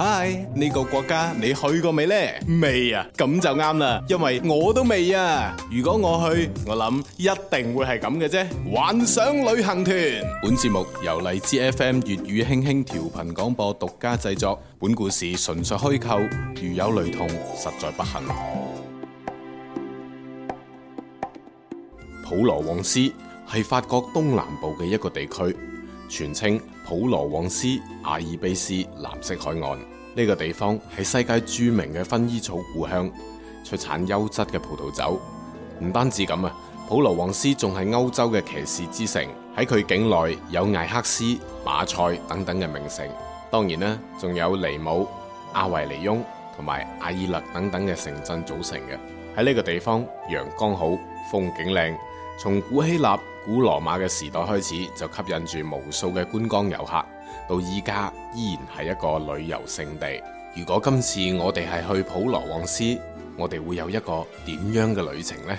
嗨，呢個國家你去過未呢？未啊，咁就啱啦，因為我都未啊。如果我去，我諗一定會係咁嘅啫。幻想旅行團，本節目由荔枝 FM 粵語輕輕調頻廣播獨家製作。本故事純屬虛構，如有雷同，實在不幸。普羅旺斯係法國東南部嘅一個地區。全稱普羅旺斯阿爾卑斯藍色海岸，呢個地方係世界著名嘅薰衣草故鄉，出產優質嘅葡萄酒。唔單止咁啊，普羅旺斯仲係歐洲嘅騎士之城。喺佢境內有艾克斯、馬賽等等嘅名城，當然啦，仲有尼姆、阿維尼翁同埋阿爾勒等等嘅城鎮組成嘅。喺呢個地方，陽光好，風景靚。從古希臘古羅馬嘅時代開始就吸引住無數嘅觀光遊客，到依家依然係一個旅遊勝地。如果今次我哋係去普羅旺斯，我哋會有一個點樣嘅旅程呢？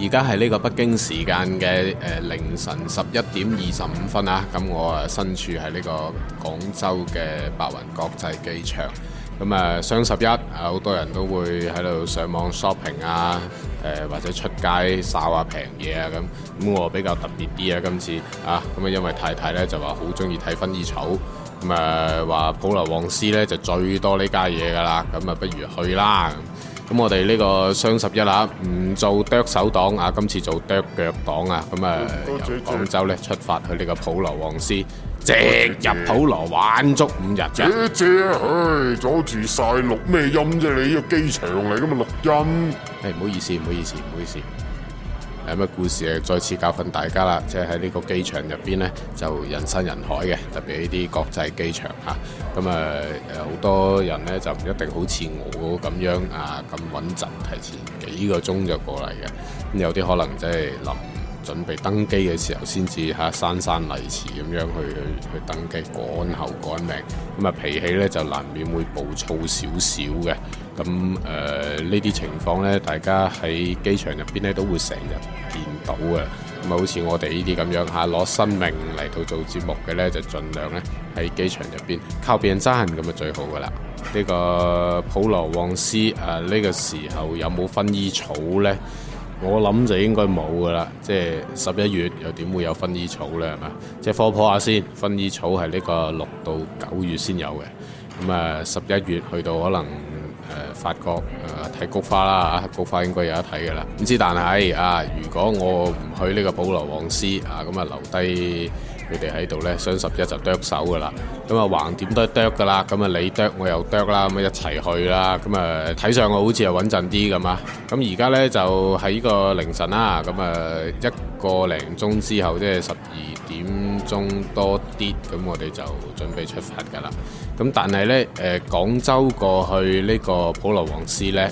而家係呢個北京時間嘅誒凌晨十一點二十五分啊！咁我啊身處喺呢個廣州嘅白雲國際機場。咁啊，雙十一啊，好多人都會喺度上網 shopping 啊，誒、呃、或者出街掃下平嘢啊咁。咁、啊、我比較特別啲啊，今次啊，咁啊因為太太咧就話好中意睇薰衣草，咁誒話普羅旺斯咧就最多呢家嘢㗎啦，咁啊不如去啦。咁我哋呢個雙十一啦唔做剁手黨啊，今次做剁腳黨啊，咁啊由廣州咧出發去呢個普羅旺斯，直入普羅玩足五日啫。謝唉，阻住曬錄咩音啫？你呢個機場嚟噶嘛錄音？係唔好意思，唔好意思，唔好意思。有咩故事啊？再次教訓大家啦，即係喺呢個機場入邊咧，就人山人海嘅，特別呢啲國際機場吓，咁啊，誒，好多人咧就唔一定好似我咁樣啊咁穩陣提前幾個鐘就過嚟嘅。咁有啲可能即係臨。準備登機嘅時候，先至嚇，姍姍嚟遲咁樣去去去登機，趕後趕命，咁啊脾氣咧就難免會暴躁少少嘅。咁誒、呃、呢啲情況咧，大家喺機場入邊咧都會成日見到嘅。咁啊，好似我哋呢啲咁樣嚇，攞生命嚟到做節目嘅咧，就儘量咧喺機場入邊靠別人揸人咁啊最好噶啦。呢、這個普羅旺斯誒呢、呃這個時候有冇薰衣草咧？我諗就應該冇噶啦，即係十一月又點會有薰衣草呢？係嘛，即係科普下先，薰衣草係呢個六到九月先有嘅。咁啊，十一月去到可能誒、呃、法國睇、呃、菊花啦，菊花應該有得睇嘅啦。唔知但係啊，如果我唔去呢個普羅旺斯啊，咁啊留低。佢哋喺度呢，雙十一就剁手噶啦。咁啊，橫掂都係剁噶啦。咁啊，你剁我又剁啦，咁啊，看一齊去啦。咁啊，睇上去好似又穩陣啲咁啊。咁而家呢，就喺個凌晨啦。咁啊，一個零鐘之後，即係十二點鐘多啲。咁我哋就準備出發噶啦。咁但係呢，誒、呃、廣州過去呢個普羅旺斯呢，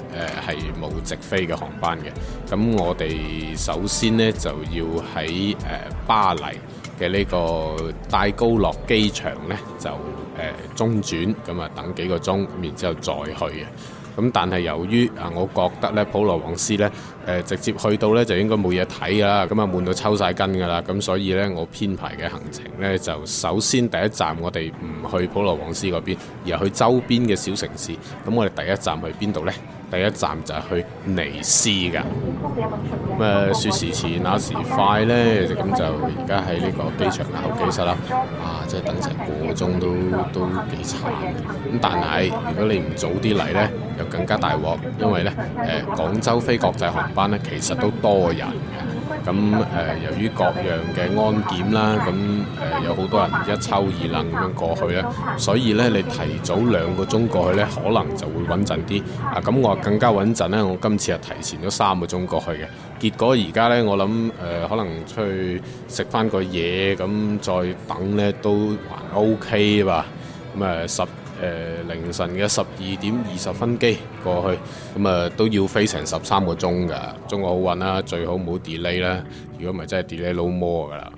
誒係冇直飛嘅航班嘅。咁我哋首先呢，就要喺誒、呃、巴黎嘅呢個戴高樂機場呢，就、呃、中轉，咁啊等幾個鐘，然之後再去嘅。咁但係由於啊，我覺得呢普羅旺斯呢、呃，直接去到呢，就應該冇嘢睇噶啦，咁啊悶到抽晒筋噶啦，咁所以呢，我編排嘅行程呢，就首先第一站我哋唔去普羅旺斯嗰邊，而去周邊嘅小城市。咁我哋第一站去邊度呢？第一站就係去尼斯噶，咁啊，説時遲那時快咧，就咁就而家喺呢個機場嘅候機室啦、啊，啊，即係等成個鐘都都幾慘嘅，咁但係如果你唔早啲嚟咧，又更加大鑊，因為咧誒、呃、廣州飛國際航班咧其實都多人。咁誒、呃，由於各樣嘅安檢啦，咁誒、呃、有好多人一抽二愣咁樣過去咧，所以咧你提早兩個鐘過去咧，可能就會穩陣啲。啊，咁我更加穩陣咧，我今次係提前咗三個鐘過去嘅，結果而家咧我諗誒、呃、可能出去食翻個嘢，咁再等咧都還 OK 吧。咁啊十。呃、凌晨嘅十二點二十分機過去，咁、嗯、啊都要飛成十三個鐘噶。中國好運啦，最好唔好 delay 啦，如果唔係真係 delay 老魔㗎啦。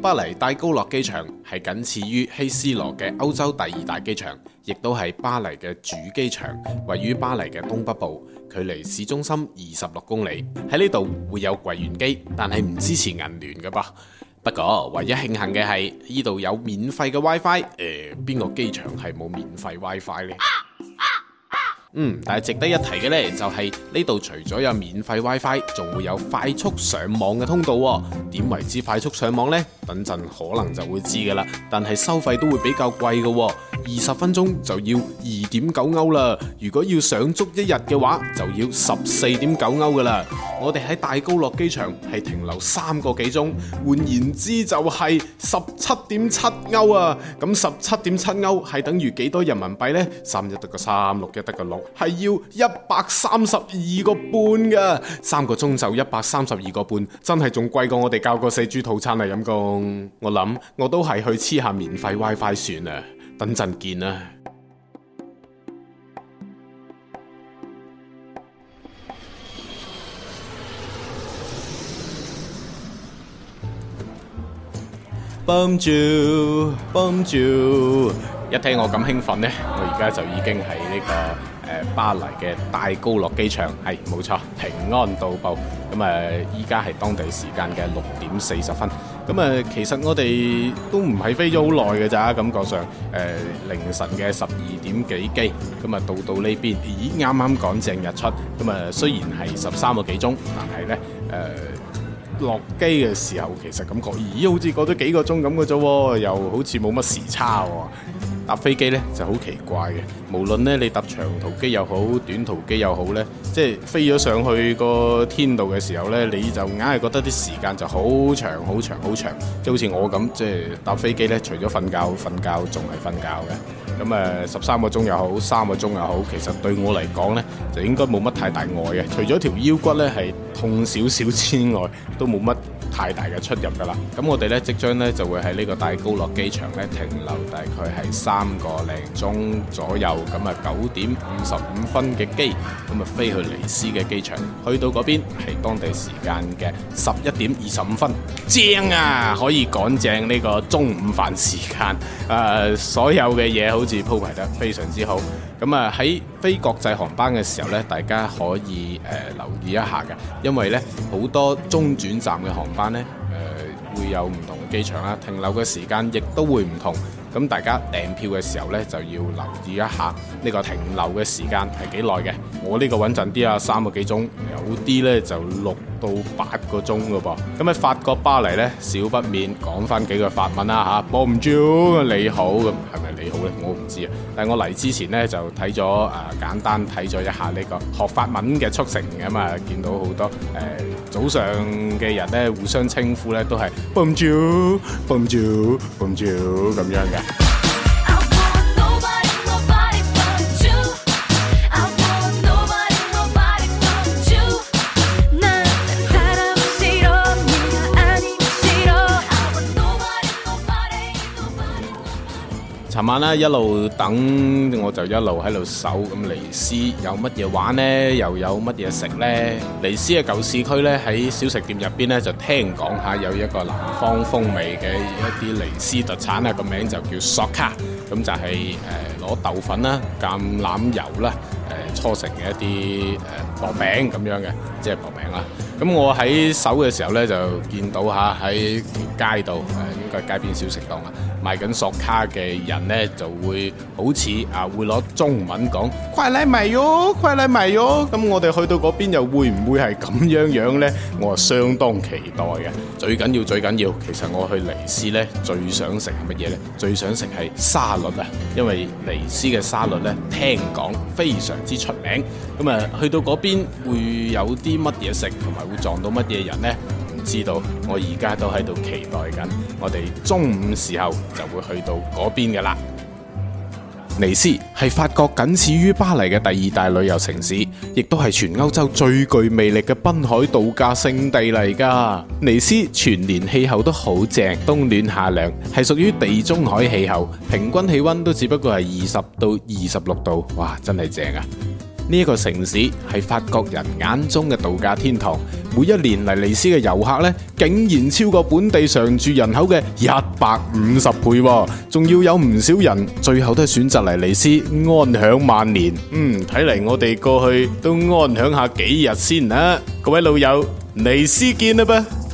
巴黎戴高樂機場係僅次於希斯羅嘅歐洲第二大機場，亦都係巴黎嘅主機場，位於巴黎嘅東北部，距離市中心二十六公里。喺呢度會有櫃員機，但係唔支持銀聯㗎噃。不過，唯一慶幸嘅係呢度有免費嘅 WiFi，誒、呃，邊個機場係冇免費 WiFi 呢？嗯，但係值得一提嘅呢、就係，就係呢度除咗有免費 WiFi，仲會有快速上網嘅通道、喎。點為之快速上網呢？等陣可能就會知噶啦。但係收費都會比較貴嘅、喎，二十分鐘就要二點九歐啦。如果要上足一日嘅話，就要十四點九歐噶啦。我哋喺大高樂機場係停留三個幾鐘，換言之就係十七點七歐啊！咁十七點七歐係等於幾多人民幣呢？三一得個三，六一得個六，係要一百三十二個半噶。三個鐘就一百三十二個半，真係仲貴過我哋交個四 G 套餐啊，陰公。我諗我都係去黐下免費 WiFi 算啦，等陣見啊。Bonjour，Bonjour！一聽我咁興奮咧，我而家就已經喺呢個巴黎嘅大高樂機場，係冇錯，平安到步。咁啊，依家係當地時間嘅六點四十分。咁啊，其實我哋都唔係飛咗好耐㗎咋，感覺上、呃、凌晨嘅十二點幾機，咁啊到到呢邊，咦，啱啱趕正日出。咁啊雖然係十三個幾鐘，但係咧落機嘅時候，其實感覺咦，好似過咗幾個鐘咁嘅啫喎，又好似冇乜時差喎。搭飛機呢就好奇怪嘅，無論呢，你搭長途機又好，短途機又好呢，即係飛咗上去個天度嘅時候呢，你就硬係覺得啲時間就好長好長好長，即係好似我咁，即係搭飛機呢，除咗瞓覺瞓覺，仲係瞓覺嘅。咁啊，十三個鐘又好，三個鐘又好，其實對我嚟講呢，就應該冇乜太大礙嘅，除咗條腰骨呢係痛少少之外，都冇乜。太大嘅出入噶啦，咁我哋呢，即將呢就會喺呢個戴高樂機場呢停留大概係三個零鐘左右，咁啊九點五十五分嘅機，咁啊飛去尼斯嘅機場，去到嗰邊係當地時間嘅十一點二十五分，正啊可以趕正呢個中午飯時間，誒、呃、所有嘅嘢好似鋪排得非常之好。咁啊喺非國際航班嘅時候呢，大家可以、呃、留意一下嘅，因為呢，好多中轉站嘅航班呢，誒、呃、會有唔同嘅機場啦，停留嘅時間亦都會唔同。咁大家訂票嘅時候咧，就要留意一下呢個停留嘅時間係幾耐嘅。我呢個穩陣啲啊，三個幾鐘，有啲咧就六到八個鐘㗎噃。咁喺法國巴黎咧，少不免講翻幾個法文啦吓，Bonjour，你好咁係咪你好咧？我唔知啊。但我嚟之前咧就睇咗誒簡單睇咗一下呢個學法文嘅速成嘅嘛，見到好多、啊、早上嘅人咧互相稱呼咧都係 Bonjour，Bonjour，Bonjour 咁樣嘅。琴晚咧一路等，我就一路喺度搜。咁尼斯有乜嘢玩呢？又有乜嘢食呢？尼斯嘅舊市區咧喺小食店入邊咧就聽講下有一個南方風味嘅一啲尼斯特產啦，個名就叫索卡，就是，咁就係誒攞豆粉啦、橄欖油啦誒、呃、搓成嘅一啲誒。呃薄餅咁樣嘅，即係薄餅啦。咁我喺搜嘅時候咧，就見到吓，喺條街度，誒應該街邊小食檔啊，賣緊索卡嘅人咧就會好似啊會攞中文講，快嚟咪喲，快嚟咪喲。咁我哋去到嗰邊又會唔會係咁樣樣咧？我係相當期待嘅。最緊要最緊要，其實我去尼斯咧最想食係乜嘢咧？最想食係沙律啊，因為尼斯嘅沙律咧聽講非常之出名。咁啊，去到嗰邊。邊會有啲乜嘢食，同埋會撞到乜嘢人呢？唔知道，我而家都喺度期待緊。我哋中午的時候就會去到嗰邊噶啦。尼斯係法國僅次於巴黎嘅第二大旅遊城市，亦都係全歐洲最具魅力嘅濱海度假勝地嚟噶。尼斯全年氣候都好正，冬暖夏涼，係屬於地中海氣候，平均氣溫都只不過係二十到二十六度，哇，真係正啊！呢個城市係法國人眼中嘅度假天堂，每一年嚟尼斯嘅遊客呢，竟然超過本地常住人口嘅一百五十倍，啊，仲要有唔少人最後都選擇嚟尼斯安享萬年。嗯，睇嚟我哋過去都安享一下幾日先啦，各位老友，尼斯見啦噃。